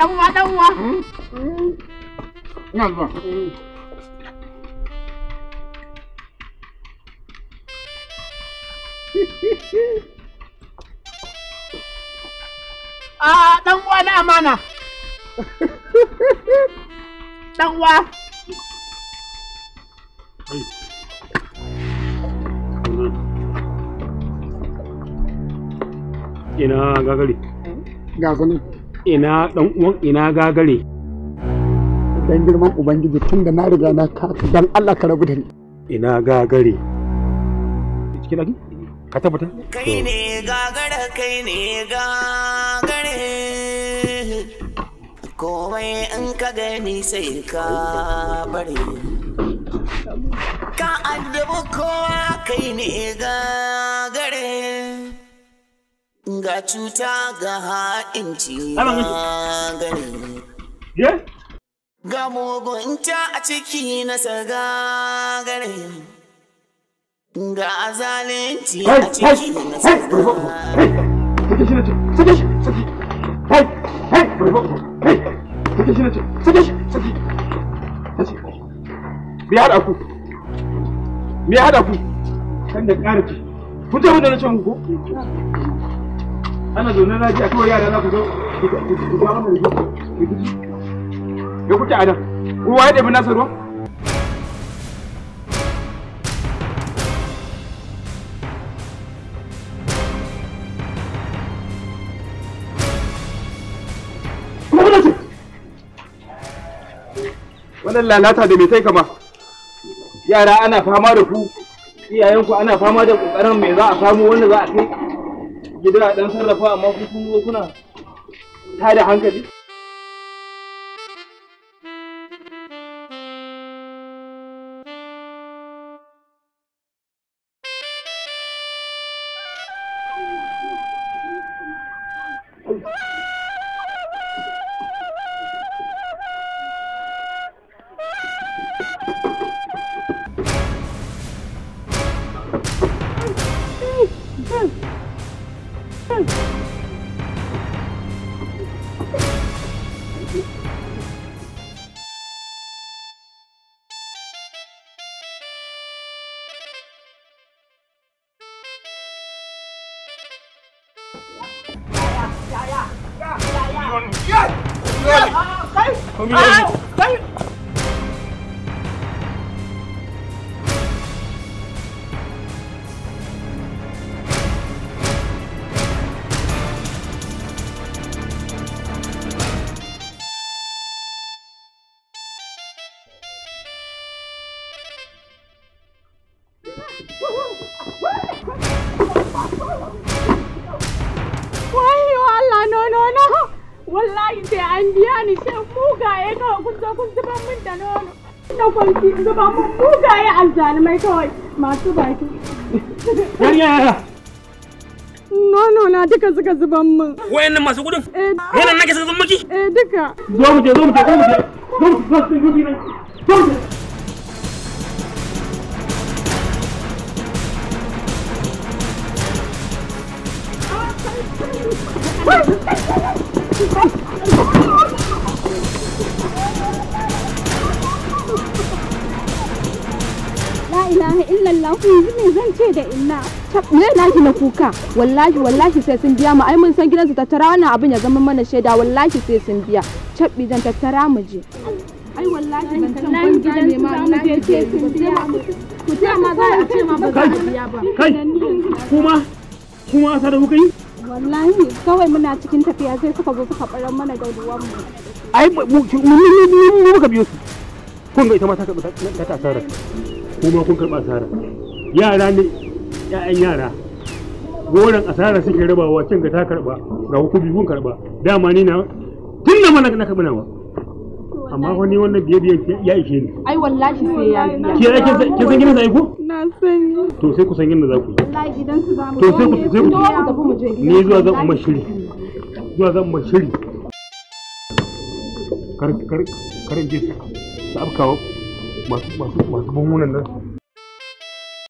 dan uwa dan uwa ina hmm? zuwa ah, a dan uwa na amana ina dan uwan ina gagare dan girman ubangiji tun da na riga na kaka dan Allah ka rabu da ni ina gagare cikin lagi ka tabbata kai ne gagara kai ne gagare komai an ka gani sai ka bari ka addabu kowa kai ne gagare ga cuta ga ha'inci magani ga mugunta a ciki na sagagare ga azalinci a ciki na Me ya haɗa ku? Me ya haɗa ku? Kan da ƙarfi. Kun je mun na can ku? ana zaune lafiya kowa yara za ku zo ku ga mana rikici ya kuce a nan ruwa ya ɗabi nasa wannan lalata da mai tai kama yara ana fama da ku iyayenku ana fama da ƙoƙarin me za a samu wanda za a kai gida dan ɗan sarrafa amma kuma kuna ta da hankali Yaya! Yaya! Yaya! Kai! Kai! an biya ni shan mugaye kawai kun zo kun zuban min da nono. Na kwanci zuba mun mugaye azzalumai kawai masu baki. Yariya Nono na duka suka zuban min. Wayannan masu gudun? Eh, Wannan nake suka zuban miki? Eh duka. Zo mu je zo mu je zo mu je. Zo mu je zo mu je. Zo mu je. Woo! Allah yanzu zan ce da inna me na kuka wallahi wallahi sai sun biya mu ai mun san su tattara wannan abin ya zama mana shaida wallahi sai sun biya cabbi zan tattara mu je ai wallahi ban san gidan ne ma wallahi sun biya ku ta ma za a ce ma ba za a biya ba kai kuma kuma sa da kuka yi wallahi kawai muna cikin tafiya sai suka zo suka barar mana gauduwan mu ai muka biyo su kun ga ita ma ta ta kuma kun karɓa asara yara ne ƴaƴan yara goron asara suke rabawa can ga ta karɓa ga hukumi kun karɓa dama ni na tun da mana na karɓa nawa amma wani wannan biye biye ya ishe ni ai wallahi sai ya biya ke ke san gina sai ku na sani to sai ku san gina za ku wallahi gidan su za mu to sai ku sai ku tafi mu je ni zuwa zan umma shiri zuwa zan umma shiri kar kar kar je sa abkawa masu masu masu nan